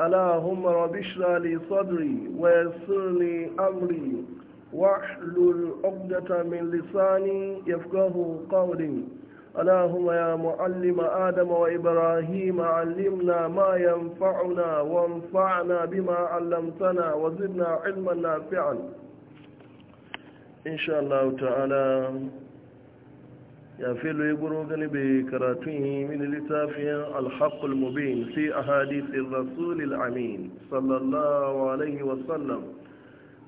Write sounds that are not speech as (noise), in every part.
اللهم رب اشرح لي صدري ويسر لي امري واحلل عقدة من لساني يفقهوا قولي اللهم يا معلم آدم وإبراهيم علمنا ما ينفعنا وانفعنا بما علمتنا وزدنا علما نافعا إن شاء الله تعالى ya filo ya guro gani bai karatu yi mini littafin alhaƙul mubin fi a hadisin rasulil amin sallallahu alaihi wasallam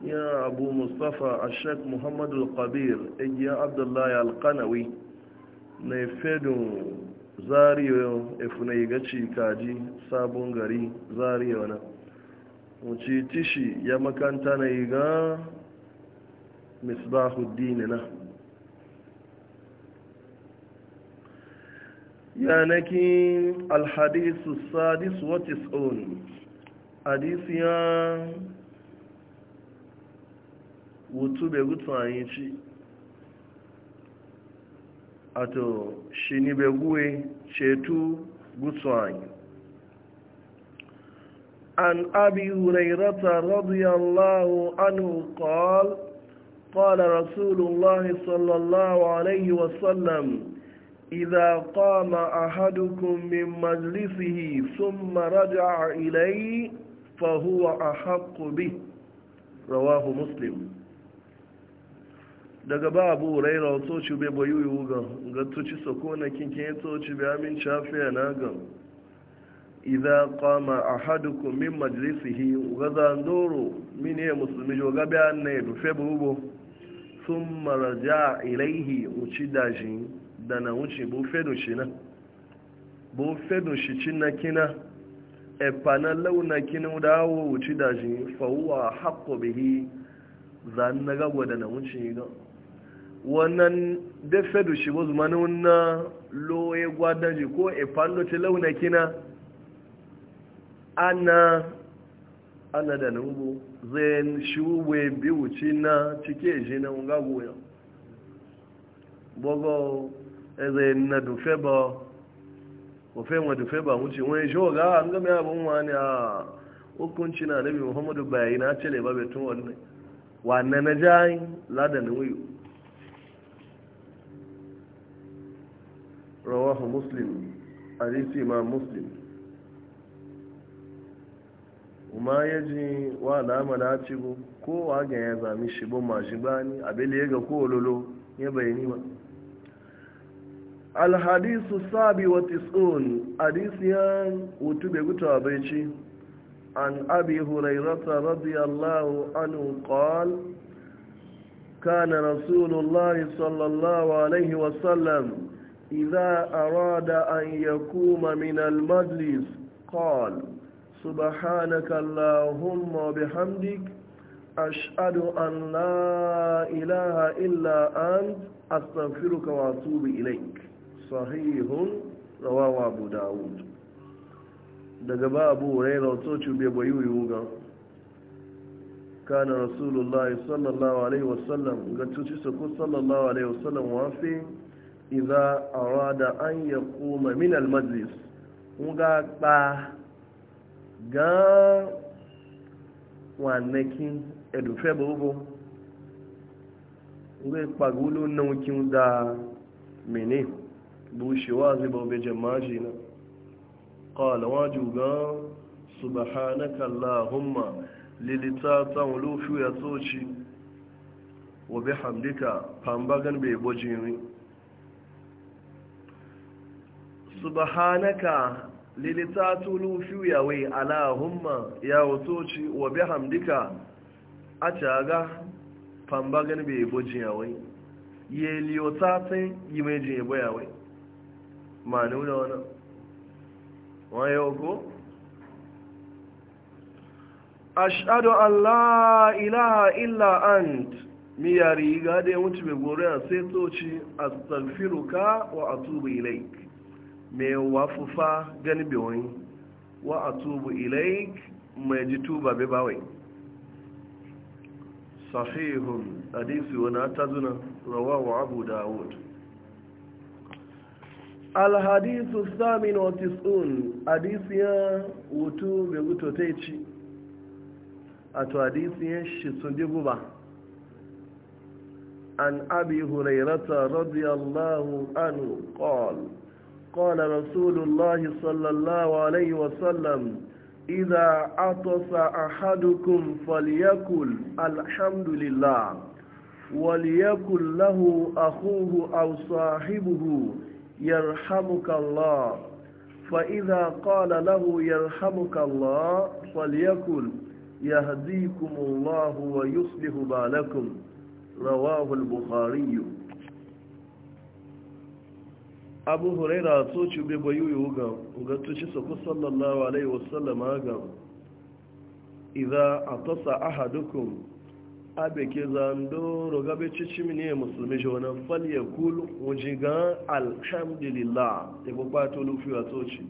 ya abu mustapha a muhammadu kabir igiya abdullahi alkanawi na fedun zariyo efunai gaci kaji sabon gari zariyo na wuce tishi ya makanta na yi ga misbahuddin na yanaki alhadisu sadis what is own hadisi ya wutu be gutu anyi ci to shi ni be guwe cetu gutu anyi an abi hurairata radiyallahu anhu qala qala rasulullahi sallallahu alaihi wasallam sallam إذا قام أحدكم من مجلسه ثم رجع إليه فهو أحق به رواه مسلم daga ba abu raira wato ci bai bayu wuga ga gattoci sako na kinkin yato ci bai amin shafiya na ga idha a hadukun min hi ga zandoro min ya musulmi jo gabe an ne fe bubo thumma ilaihi uci ucidajin da na wuce bu shi na bu shi cin na kina efa na launa kina da awo wuce da shi fawuwa haƙo bihi za na gagwa da na wuce ga wannan da fedoshi bu zumanin na loye gwadaji ko efa lote launa kina ana ana da nubu zai shuwe bi wuce na cike shi na ngagoya bogo eze na dufe ba ofe nwa dufe ba wuce wani shi oga an game abin wani a hukunci na nabi muhammadu bayi na cele ba betun wani wannan na jayi ladanin wuyo rawahu muslim hadisi ma muslim kuma ya ji wa alama na cigo kowa ga ya zami shigbo ma shigba bani abin ya ga ko ololo ya bayani ba alhadisu sabi wa tis'un hadisiyan utube guta an abi hurairata radiyallahu anhu qal kana rasulullahi sallallahu alaihi wasallam idha arada an yakuma min almajlis qal subhanaka allahumma bihamdik ashhadu an la ilaha illa ant astaghfiruka wa atubu ilayk sahihun rawawa abu dawud daga ba abu raira to cube bayuyu ga kana rasulullahi sallallahu alaihi wasallam ga tuci su ku sallallahu alaihi wasallam wafi idza arada an yaquma min al majlis nga pa ga wanakin edufe bubu nga pa gulu naukin da menene bushe wa zai baube jamaji na ƙala waju gan subhanaka allahumma lilita ta wulufi ya tsoci wa bi hamdika fambagan bai bojiri ka lilita ta wulufi ya wai allahumma ya tsoci wa bi hamdika a caga fambagan bai bojiri ya wai yeliyota ta yi mai jin yabo ya wai ma nuna wani waye ko ashadu an la ilaha illa ant mi ya riga da ya wuce mai gore a sai toci astaghfiruka wa atubu ilaik mai wafufa gani bewani wa atubu ilaik mai ji tuba bai bawai sahihun hadisi wani ta zuna rawawa abu dawud alhadisu samin wa tis'un wutu mai wuto ta ci a to shi sun ji guba an abi hurairata radiyallahu anhu qal قال رسول الله صلى الله عليه وسلم إذا عطس أحدكم فليكل الحمد لله وليكن له أخوه أو صاحبه يرحمك الله فإذا قال له يرحمك الله فليكن يهديكم الله ويصلح بالكم رواه البخاري أبو هريرة توچو ببيو يوغا وغا توچو صلى الله عليه وسلم آغا إذا أتص أحدكم abe ke zando roga be cici mini musulmi jona fal ya kulu wuji alhamdulillah e bo pato a wa toci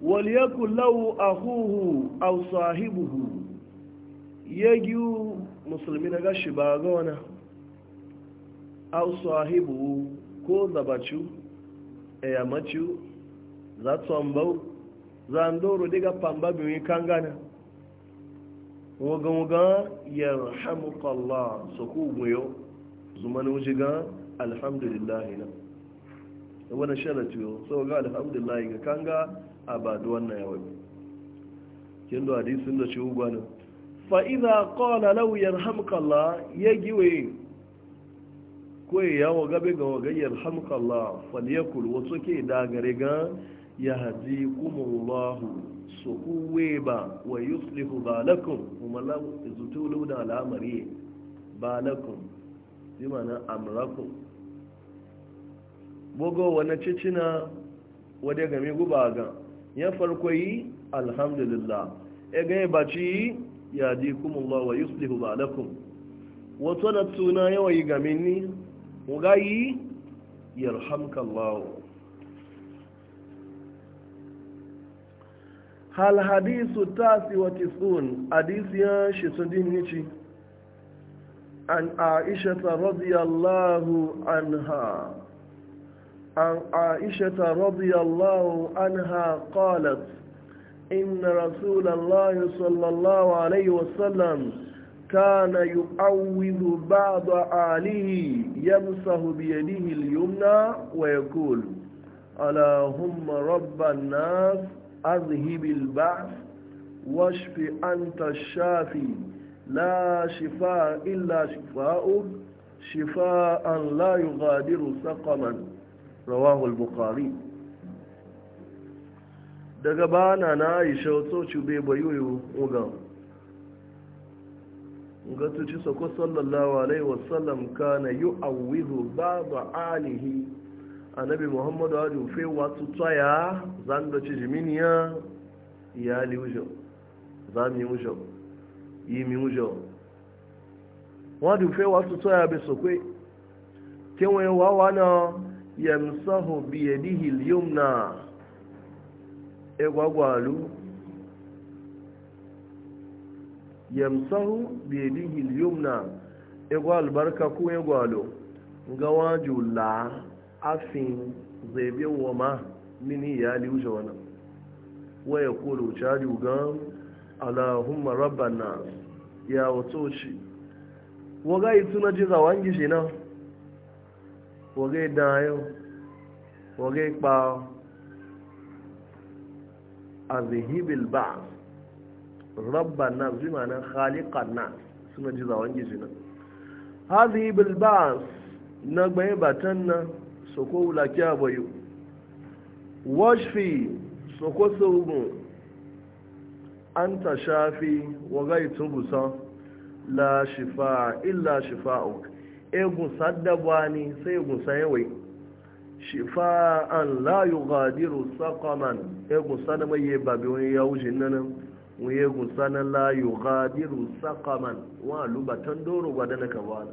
wal yakul lahu akhuhu aw sahibuhu yagi musulmi na gashi ba ga wana aw sahibu ko zabachu e amachu za tsambau zandoro diga pamba bi kangana wagan-wagan yarhamukallah su ku guyo zumanin wujigan alhamdulillahi na wani sharatu yau so ga alhamdulillahi ga kanga a badu wannan yawon kin da hadisin da ci ugbanin fa'iza ƙona lau yarhamukallah ya giwe kwaye yawon wagabe ga wagayyar hamkallah faliyakul wasu ke dagare gan ya haji kuma allahu su kuwe ba wa yuslihu ba lakum kuma zutulu da al'amari ba lakum bi mana amurakun bogo wani cicina wadda game guba ga ya farko yi alhamdulillah ya e gane ba ci yi ya ji kuma ba, wa yuslihu ba lakum wato na tuna yawa yi game ni mu ga yi yarhamkallahu hal hadisu tasi wa tisun hadisi ya shisundin nici an aishata radiyallahu anha an aishata radiyallahu anha qalat إن رسول الله صلى الله عليه وسلم كان يعوذ بعض آله يمسه بيده اليمنى ويقول اللهم رب الناس أذهب البعث واشف أنت الشافي لا شفاء إلا شفاء شفاء لا يغادر سقما رواه البخاري daga bana na aisha wato cube bayoyo uga ga tuci sako sallallahu alaihi wasallam kana yu'awwihu ba'da alihi annabi muhammadu hajji fe watu tsaya zan da ci jiminiya iyali wujo za mi wujo yi mi wujo wadu fe watu tsaya bai sokwe kewaye wawa na yamsahu biyadihi al-yumna egwagwalu yamsahu biyadihi al-yumna egwa albarka ko egwalo ga wajula afin zaibe wa ma mini ya liuja wani waya kolo cari gan alahumma rabbana ya wato shi waga yi tuna ji zawon gishi Wa waga yi wa waga yi kpa a zihibil ba rabbana zima na khalikan na suna ji zawon gishi nan hazihibil ba na gbaye batan nan soko wulaki abayu washfi soko saugun an ta shafi wagai tubusan la shifa illa shifa shifa'uk egun saddaba ni sai egun sayewai an la yughadiru saqaman egun yi babi wani ya wuce nanan wuye gusana la yi gadiru sakonan wa lubatan doro gwadana ka bana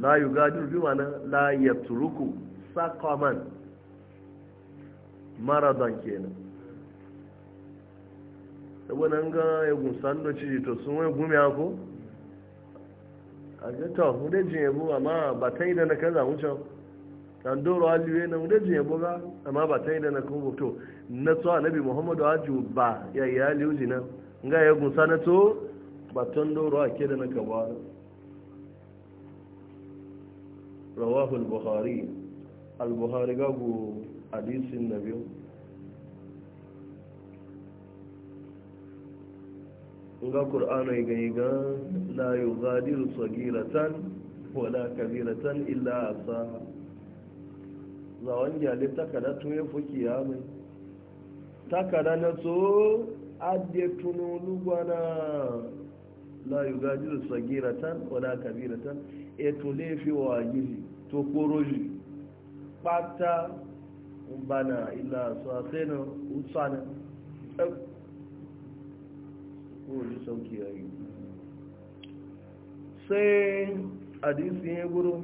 la yugadiru bi mana la yatruku saqaman maradan kenan na ga egun sando ci to sun wai gumi ako a ga to hude jin yabo amma ba ta yi da na kaza mu dan doro aliwe na mu jin yabo ga amma ba ta yi da na kuma to na to muhammadu ba ya yi aliyu jina ga egun sanato ba ton doro ke da na rawahu البخاري البخاري al حديث النبي hadisin na biyu ga ƙur'ana صغيرة ga كبيرة yi zadiru illa zawon gyale takada tun ya fuki ya mai takada na tunu lugwana la wala ètò léèfé wọ àyíjì tó kóró yìí pátá ń bá na ilà àṣọ àṣẹ́nà ó sànà ẹkùn òjì sọ́kì ayé ṣé àdísí yẹn gbúrú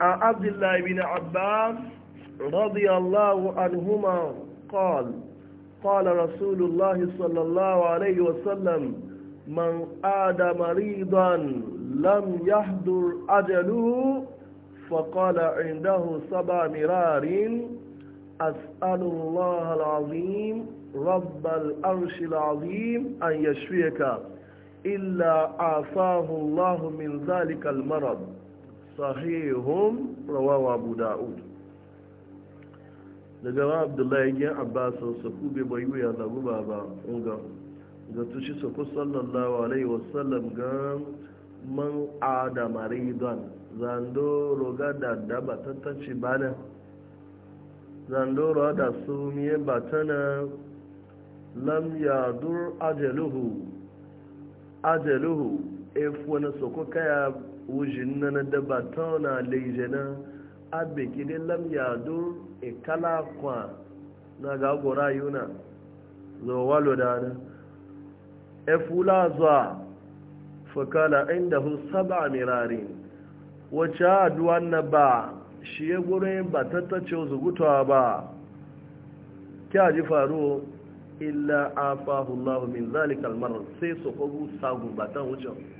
عن عبد الله بن عباس رضي الله عنهما قال قال رسول الله صلى الله عليه وسلم من عاد مريضا لم يحضر أجله فقال عنده سبع مرار أسأل الله العظيم رب الأرش العظيم أن يشفيك إلا عافاه الله من ذلك المرض sahihun rawawa abu da'ud daga wa abdullahi yin abbasan saku bai bayu ya zagu ba unga ga tushi saku sallallahu alaihi wasallam ga man adama ridan zandoro ga dada ba tantance bana roga da su miye tana lam yadur ajaluhu ajaluhu efu wani soko kaya wujin na na daba ta na na abe kide lam yado e kala kwa na ga gora yuna zo walo da na e fula zuwa fakala inda hu saba mirari wacce aduwa na ba shi ya gure ba tattace zugutawa ba kya ji faru illa afahullahu min zalikal marar sai su kogu sagun ta wucin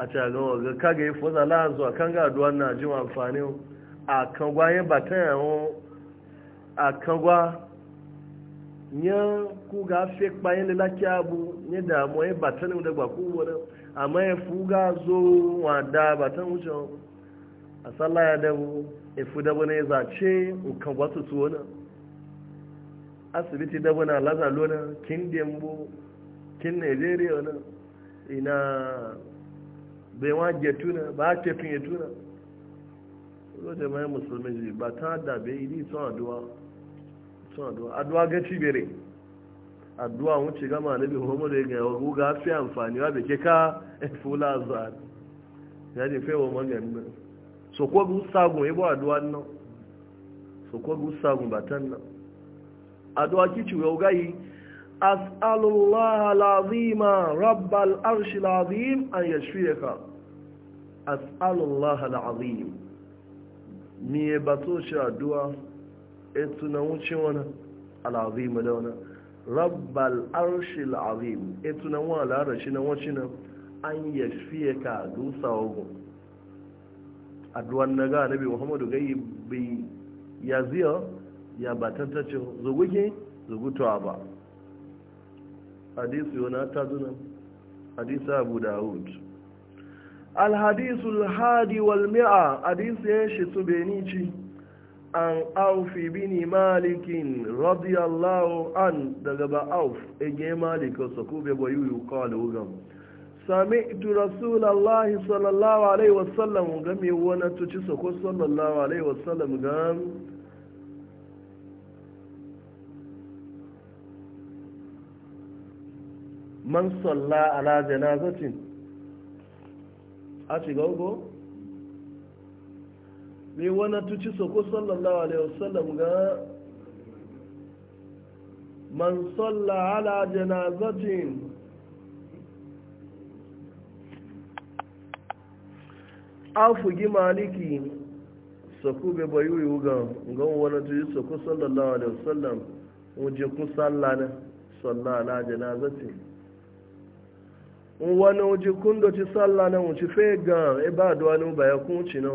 a cagawa ga kaga yi fusa la'azu a kan gaduwa na jin amfani a kan gwa yin batan yawon a kan gwa yan kuga fi kpayin lalaki abu ne damuwa yin batan da gbaku wadda amma ya fuga zo wada batan wucin a tsalla ya dabu ifu dabu na ya zace nkan wasu tuwo na asibiti dabu na lazalo na kin dembo kin nigeria na ina bai waje tuna ba ta fiye tuna zo jama'a musulmi ji ba ta da bai yi sun aduwa aduwa aduwa ga cibere aduwa wuce gama na bin homo da ya gaya wago ga fi amfani wa bai ke ka fula zuwa ya ne fewa maganin so ko gu sagun ibo aduwa nan so ko gu sagun ba ta nan aduwa kici yau gayi as'alullaha lazima rabbal arshi lazim an yashfiyaka as'alullah al'azim mi e ba to shi addu'a etu na wuce wani al'azim da wani rabbal arshi al'azim etu na wani al'arashi na wace na an ya fiye ka dusa ogun addu'an na ga nabi muhammadu gayi bai ya ziyo ya ba tantace zugugi zugutuwa ba hadisi yana ta zuna hadisi abu dawud alhadisul hadi wal mi'a hadisi ya shi tubenici an auf bini malikin radiyallahu an daga ba auf ege malik so ku be boyu qalu gam sami'tu rasulallahi sallallahu alaihi wasallam gam yawana tuci so ko sallallahu alaihi wasallam ga. man salla ala janazatin a shiga ugo mai wani tuci soko sallallahu alaihi wasallam ga man salla ala janazatin afugi maliki soko bai bayu yi ga gan wani tuci soko sallallahu alaihi wasallam wuje kun salla na salla ala janazatin wani uji kundo ci sallah na wuci fe gan e ba duwa ni ba ya kunci na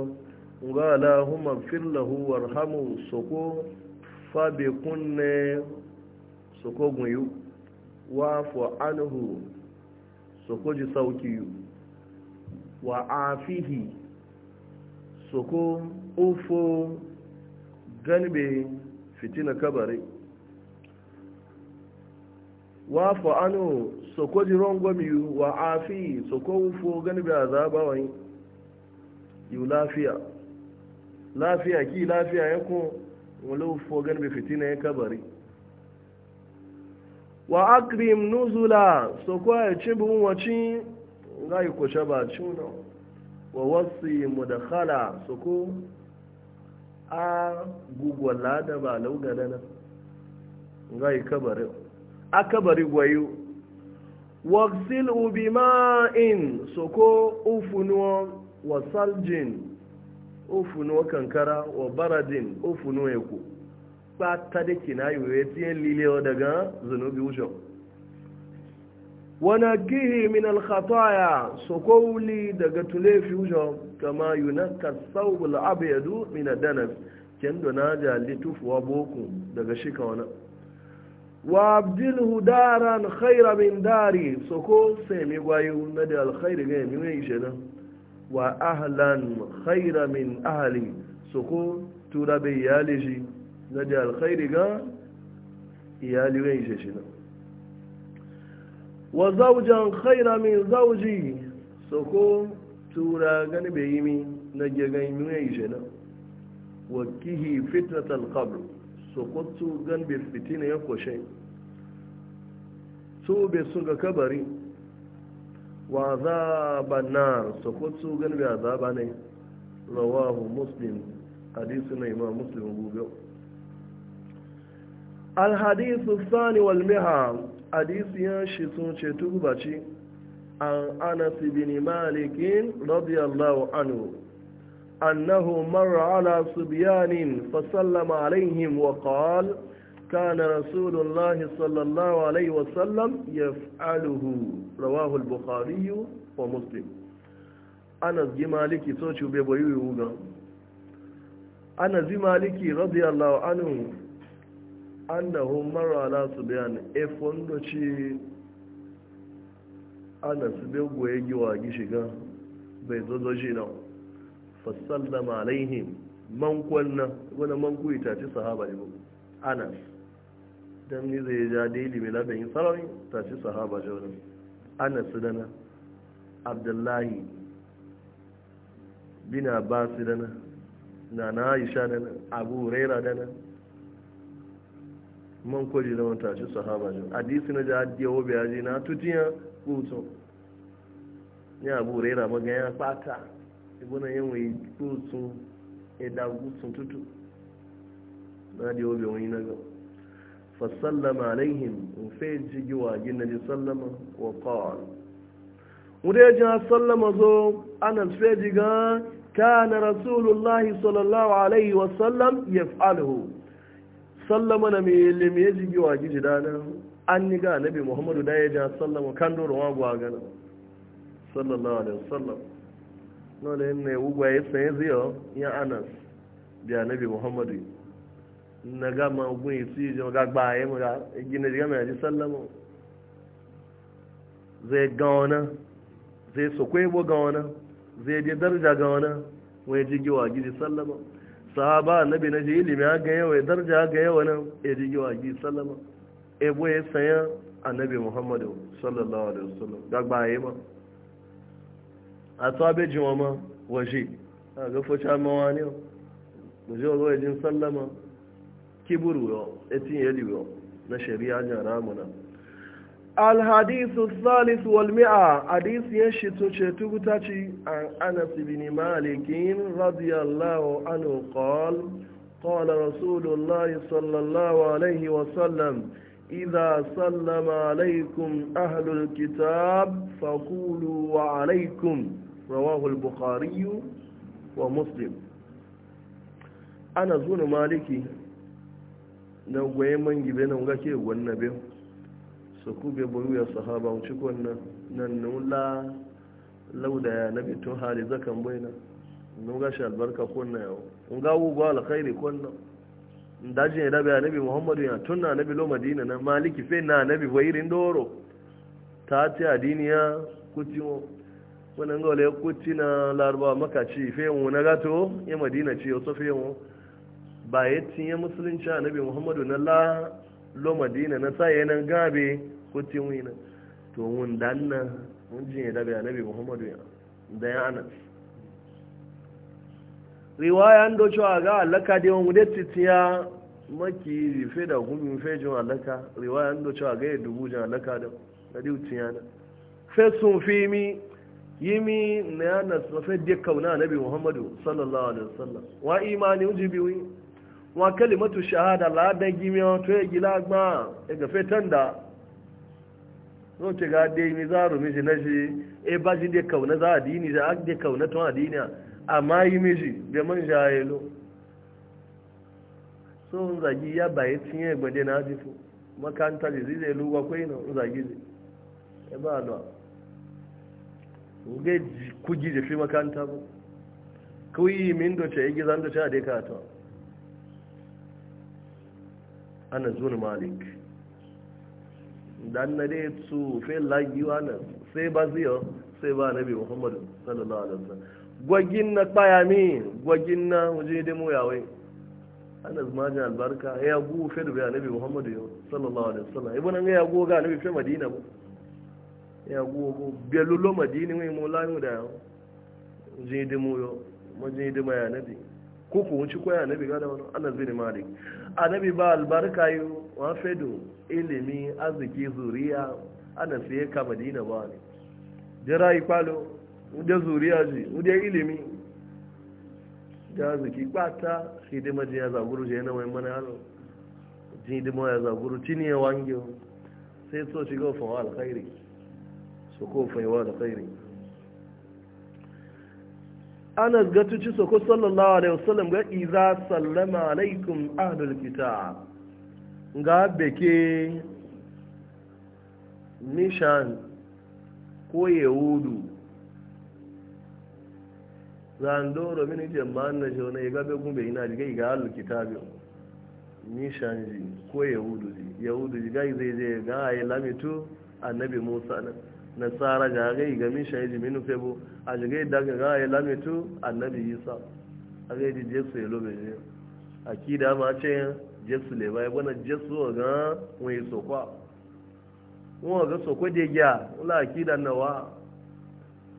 nga allahumma fir lahu hamu soko fabe kunne soko gunyu wa fu anhu soko ji sauki yu wa afihi soko ufo ganbe fitina kabari wa fu anhu soko jiron gwami wa afi soko wufo gani bi azaba wani yi lafiya lafiya ki lafiya ya ko wani wufo gani bi fitina ya kabari wa akrim nuzula soko ya ci bin waci ga yi kuce ba cuna wa wasu mudakhala soko a gugwala da ba laugada na ga yi kabarin a kabari gwayo waxil ubima'in soko ufunuwa wa saljin ufunuwa kankara wa baradin ufunuwa eku pata da kina yi wetin lile daga zunubi ushon wana kihi min alkhataya soko wuli daga tule fusion kama yunaka saubul abiyadu min adanas kendo na jali tufuwa boku daga shika wa abdilhu daran khaira min dari soko ko sai mi gwayo na da alkhairi ga mi ne ishe nan wa ahlan khaira min ahli soko tura bai iyali shi na da alkhairi ga iyali ne ishe shi nan wa zaujan khaira min zauji soko tura gani bai yi mi na ga ga mi ne ishe nan wa kihi fitnatul qabr sokotu gan bil fitina ya koshe su be su ga kabari wa azaban so sokotu gan bi azaba ne rawahu muslim hadisu na imam muslim gobe alhadisu sani wal miha hadisi ya shi sun ce tubaci an anas bin malikin radiyallahu anhu أنه مر على صبيان فسلم عليهم وقال كان رسول الله صلى الله عليه وسلم يفعله رواه البخاري ومسلم أنس جمالكي توشو بيبويوغا أنس جمالكي رضي الله عنه أنه مر على صبيان إفوندوشي أنس بيبويوغا جيشيغا بيزوزوجينا fasallama alaihim man kwanna wani man ita tace sahaba ne ana dan ni zai ja daily mai labin yin sarari tace sahaba jawon ana sidana abdullahi bin abbas dana nana aisha dana abu raira dana man ji da ta tace sahaba jawon hadisi na ja hadiyawo biyaji na tutiya kuto ni abu raira magaya fata ibuna yin wai tutsun idagu sun tutu tútù da yobe wani na gan fasallama alaihim in fe jigiwa gina ji sallama wa kawar wadda ya jina sallama zo ana fe jiga كان رسول sallallahu صلى wa sallam ya يفعله sallama na mai ilimi ya jigi wa gidi dana an ni ga nabi muhammadu da ya ja sallama kan doron wa gwa gana sallallahu alaihi wasallam nole ne ugwa ya sanye ziyo ya anas biya nabi muhammadu na gama ogun isi ji ga gba ya mu ga gina ji gama ya ji sallama zai gawana zai sokwai ibo gawana zai je darja gawana wai ji giwa gidi sallama sahaba nabi na ji ilimi aga yawa darja ga yawa nan ya e ji giwa gidi sallama ebo e ya sanya annabi muhammadu sallallahu alaihi wasallam ga gba ma a tsabe jimama waje a ga fuca mawa ne waje wa wajen اتين kiburu yau etin yali الحديث الثالث والمئة حديث يشتو شتو شتوتاتي عن أنس بن مالك رضي الله عنه قال قال رسول الله صلى الله عليه وسلم إذا سلم عليكم أهل الكتاب فقولوا عليكم رواه البخاري ومسلم انا زون مالكي na gwaye man gibe na nga ke gwanna be su be boyu ya sahaba mu ciko na nan nula lauda ya nabi tun hali zakan boyna nu ga shi albarka yau ndaje ya dabe nabi muhammadu ya tunna nabi lo madina na maliki fe na nabi wairin doro ta ta adiniya kutimo wani ga wale kuti na larba maka ci fiyanwu na gato ya madina ci wasu fiyanwu ba ya cinye musulunci nabi muhammadu na la lo madina na sa yanan gabe kuti na to mun danna mun jin ya dabe nabi muhammadu ya da ya ana riwaya an do cewa ga alaka da wani da titiya maki rife da gumin fejin alaka riwaya an do cewa ga ya dubu jin alaka da da diutiya fi fesun yimi na yana sofe da kauna nabi muhammadu sallallahu alaihi wasallam wa imani uji biyu wa kalimatu shahada la da gimi to ya e gila gba e ga fetan da zo ce ga dai mi za rumi shi na shi e ba shi da kauna za adini za ak da kauna to a amma yimi shi be man jayelo so zagi ya baye tinye gbade na jifu makanta zai zai lugwa kwai na zagi zai e ba lo ga kugi da fi makanta ba kawai min doce ya gizan doce a daika ta ana zuwa malik dan na dai su fe lagiwa na sai ba ziyo sai ba nabi muhammadu sallallahu alaihi wasallam gwagin na kpaya mi gwagin na waje dai mu yawai ana zumajin albarka ya gu fe da nabi muhammadu sallallahu alaihi wasallam ibn an ya gu ga nabi fe madina ba ya gogo madini mai mola mu da jin da mu yo mu jin da mai ko ko wuce ko annabi ga da wannan Anas bin Malik annabi ba albarka yo wa fedo ilimi arziki zuriya ana siye ka madina ba ne jirai kwalo da zuriya ji da ilimi da arziki kwata sai da majin ya zaburu je na mai mana halo jin da mai ya zaburu cini ya wangiyo sai so shiga fa alkhairi soko faiwa da khairi anas ga tuci soko sallallahu alaihi wasallam ga iza sallama alaikum ahlul kitab ga beke nishan ko yahudu zandoro mini jama'an na shauna ya gabe gumbe ina diga iga ahlul kitab nishan ji ko yahudu ji yahudu ji ga zai zai ga ayi lamitu annabi musa nan nasara ga gai ga min shayi jiminu febo a jigai daga ga ya lamitu annabi isa a gai di jesu ya lobe ne a ki da ma ce jesu le bai gwana jesu ga wani sokwa wani ga sokwa de gya wala a ki da nawa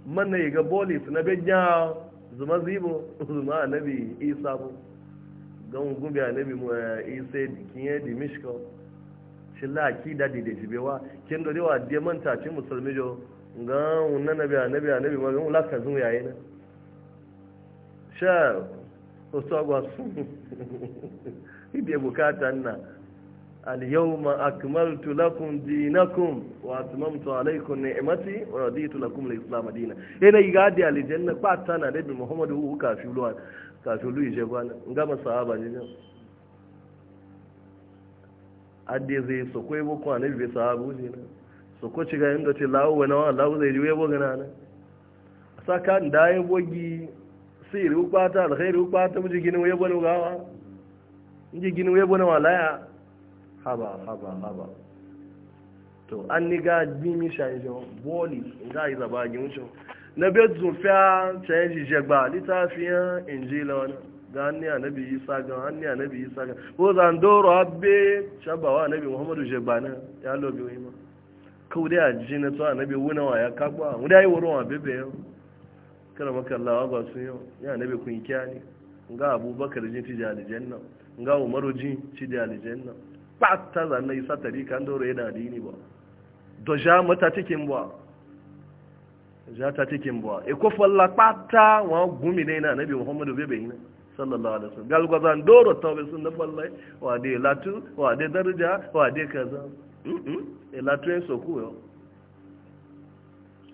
man na ga bolis na bejya zuma zibo (laughs) zuma annabi isa bu gan gumbi annabi mu eh, isa dikin ya ci laki da dide ci bewa kin do rewa de manta ci musulmi jo ga unna nabi nabi nabi ma ga laka zu yayi na sha o so gwa su (laughs) ibe bukata na al yawma akmaltu lakum dinakum wa atmamtu alaykum ni'mati wa raditu lakum al-islam dina ina igadi aljanna patana da bi muhammadu hu kafi luwa kafi luwa je gwana ga masahaba ne adde zai so koi bo ko anabi sa abu ne so ko ci ga inda ce lawo wa na lawo zai ji bo gana na saka ndaye bogi sai ru kwata alkhairu kwata mu jigin we bo gawa jigin we bo na walaya haba haba haba to an ni ga gbimi shaijo boli ga izaba gi mucho na bezu fa change jegba litafiyan injila wani. ga hannu annabi isa ga hannu annabi isa ga ko zandoro abbe shabawa annabi muhammadu jebana ya lobe wai ma kau dai a ji na tsawa annabi wunawa ya kagwa wani ya yi wurin wa bebe yau kada makallawa ba sun yau ya annabi kun kya ne nga abubakar jin ci da aljanna nga umaru jin ci da aljanna ba ta zanna isa tarika ndoro yana dini ba doja mata cikin ba za ta cikin buwa e kofar lapata wa gumi na yana nabi muhammadu bebe yana sallallahu alaihi wasallam galgwazan doro tawbe sunna da wallahi wa de latu wa de daraja wa de kaza e latu en soku yo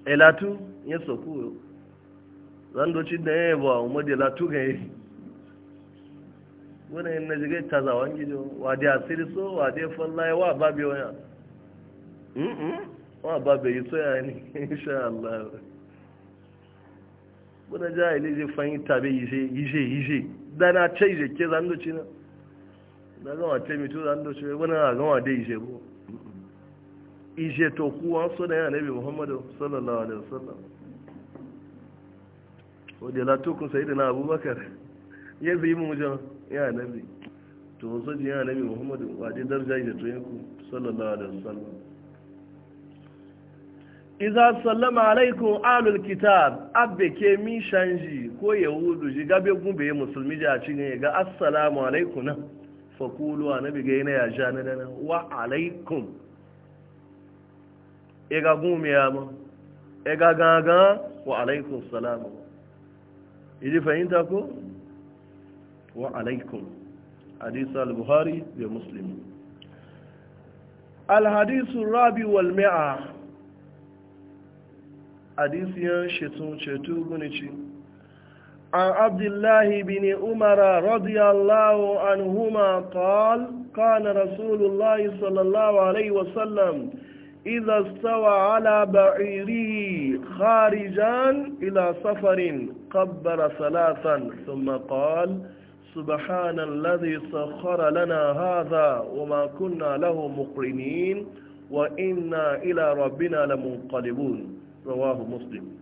e latu en soku yo zan do ci da yebo umma de latu ga yi en na jige kaza wangi jo wa de asiri so wa de fallahi wa babe waya mm wa babe yi so ya ni (laughs) insha Allah buna jahili zai fahimta fanyi yi sai yi sai yi na ce yi ke zan doci da zama ce mito zan doci bai buna a gama dai bu yi to kuwa so da yana muhammadu sallallahu alaihi o wadda la tukun sai da na abubakar ya zai mu jan ya nabi to so ji ya nabi muhammadu wadda darja yi to tuyanku sallallahu alaihi wasallam iza sallama alaikum alul kitab abbe ke mi shanji ko yahudu shi gabe gumbe musulmi ji a cikin ga assalamu alaikum na fakulu a nabi ga yana ya na dana wa alaikum ya e ga gumbe ya ma ya e ga gaga wa alaikum salamu Iji e fahimta ko wa alaikum hadith al buhari da musulmi. al hadisu rabi wal mi'a hadisiyan shetun cetu عن عبد الله بن عمر رضي الله عنهما قال كان رسول الله صلى الله عليه وسلم إذا استوى على بعيره خارجا إلى سفر قبر ثلاثا ثم قال سبحان الذي سخر لنا هذا وما كنا له مقرنين وإنا إلى ربنا لمنقلبون rawahu muslim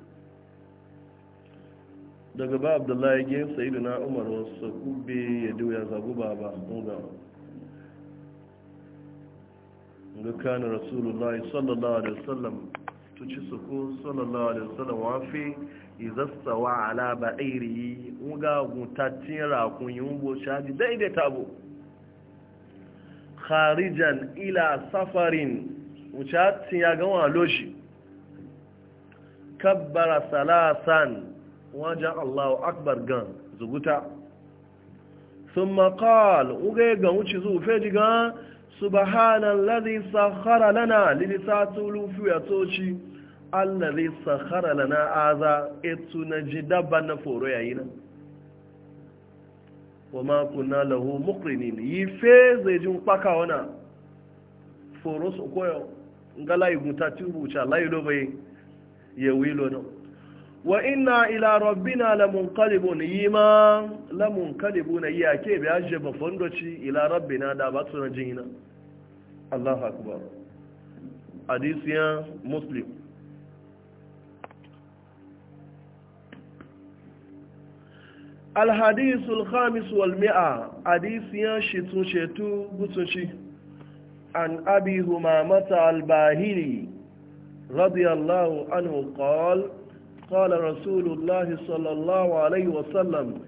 daga ba abdullahi gen sayidu na umar wasu kube ya doya zagu ba ba ga ga kana rasulullah sallallahu alaihi wasallam ci suku sallallahu alaihi wasallam wafi izastawa ala ba'iri ga gutatin rakun yumbo shaji daidai tabo kharijan ila safarin wucatin ya gawa loshi kabbara salasan wajen allahu akbar gan zuguta sun makal uga ga wuce su, jiga subhanan ladhi sakhara lana lilisatu lufu ya toci allazi sakhara lana aza etu na ji dabba na foro yayi na wa ma kunna lahu yi fe zai ji paka wana foro su koyo ngala igunta tubu cha layi lobe ya wa inna ila rabbina yi ma lamunqalibuna yi bi aje ba fondoci ila rabbina da ba na jinina Allahu akbar hadisiya muslim الحديث الخامس والمئة حديث ينشط شتو بتشي عن أبي همامة الباهلي رضي الله عنه قال قال رسول الله صلى الله عليه وسلم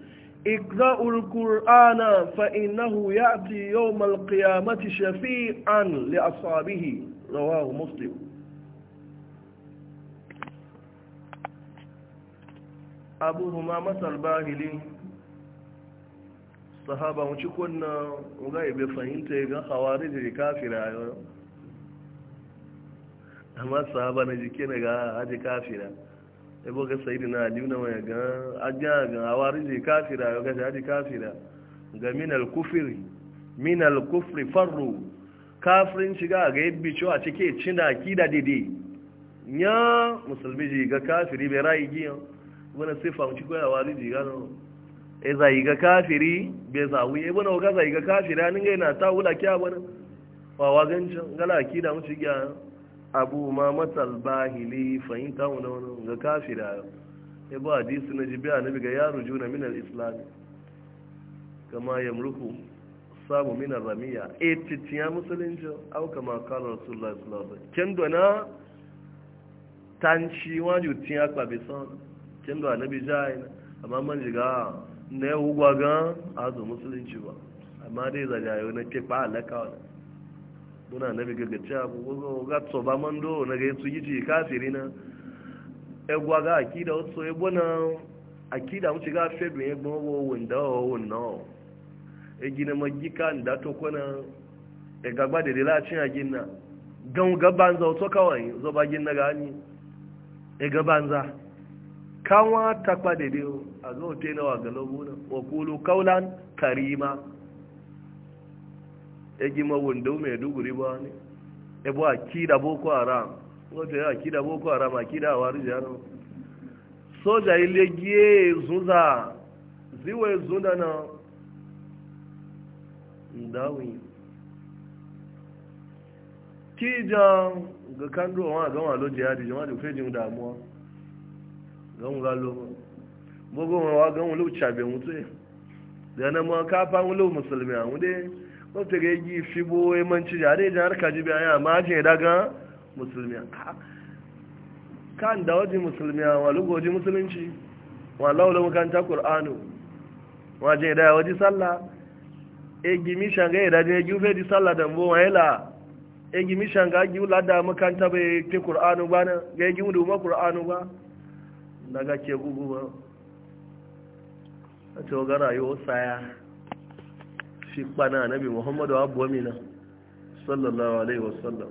اقرأوا القرآن فإنه يأتي يوم القيامة شفيعا لأصحابه رواه مسلم أبو همامة الباهلي صحابة وشكونا وغايب فهمتك خوارج الكافر amma sahaba na jike na ga haji kafira ya boga sayidu na aliyu na wani ga ajiya ga awari je kafira ya gaji haji kafira ga minal kufiri minal kufiri faru kafirin shiga ga yabbi cewa cike cina kida dide nya musulmi ji ga kafiri bai rayu giya wani sifa mu ci koya wari gano e za yi ga kafiri bai zawu e wani ga za yi ga kafiri a ga yana ta wula kya wani wawa gancin gala akida mu ci gya abu ma matal bahili fahimta mu da wani ga kafira ya ba hadisi na jibiya na biga yaro juna min al-islam kama yamruku samu minar ramiya e titiya musulunci au kama kala rasulullah sallallahu alaihi kendo na tanci waju tiya kwa bisan kendo annabi jaina amma man jiga na yau gwagan azu musulunci ba amma dai zajayo na ke alaka wannan muna nabi ga abubuwa ga tsoba mando na ga yasu gici kafiri na egwa ga akida wasu ebo na akida mu shiga fedu ya e gbọn wo wanda wo wanda wo e egi na magika nda to na. e da dela cin agin na gan gaban za to kawai zo ba gin gani e gaban za kanwa takwa da deo a zo te na wa galobo na kaulan karima egima wando mai duguri ba ne ebo akida boko haram ngoto ya akida boko haram akida awari jaro soja ile gie zuza ziwe zunda na ndawi kija ga kando wa ga wa loje ya dijima da fejin damuwa ga mu ga lo bogo wa ga mu lu chabe mutu da na ma ka fa mu lu musulmi amu dai wata ga yi fi boye manci jare jan harka ji biya ya majin daga musulmi kan da waje musulmi wa lugoji musulunci wa laula makanta qur'anu waje da waje salla e gimi shanga ya daje jufe di salla da bo wayla e gimi shanga gi ulada makanta be ti qur'anu na ga gi mu ma qur'anu ba daga ke gugu ba to ga rayuwar saya fi kpana anabi muhammadu abuwa mina sallallahu alaihi wasallam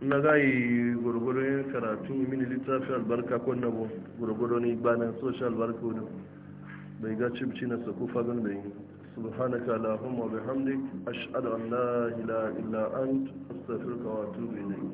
na gayi yin karatu mini littafi albarka ko nabo ne igbanin social albarka ne bai ga cibci na saku fagen da yi سبحانك اللهم وبحمدك أشهد أن لا إله إلا أنت wa وأتوب إليك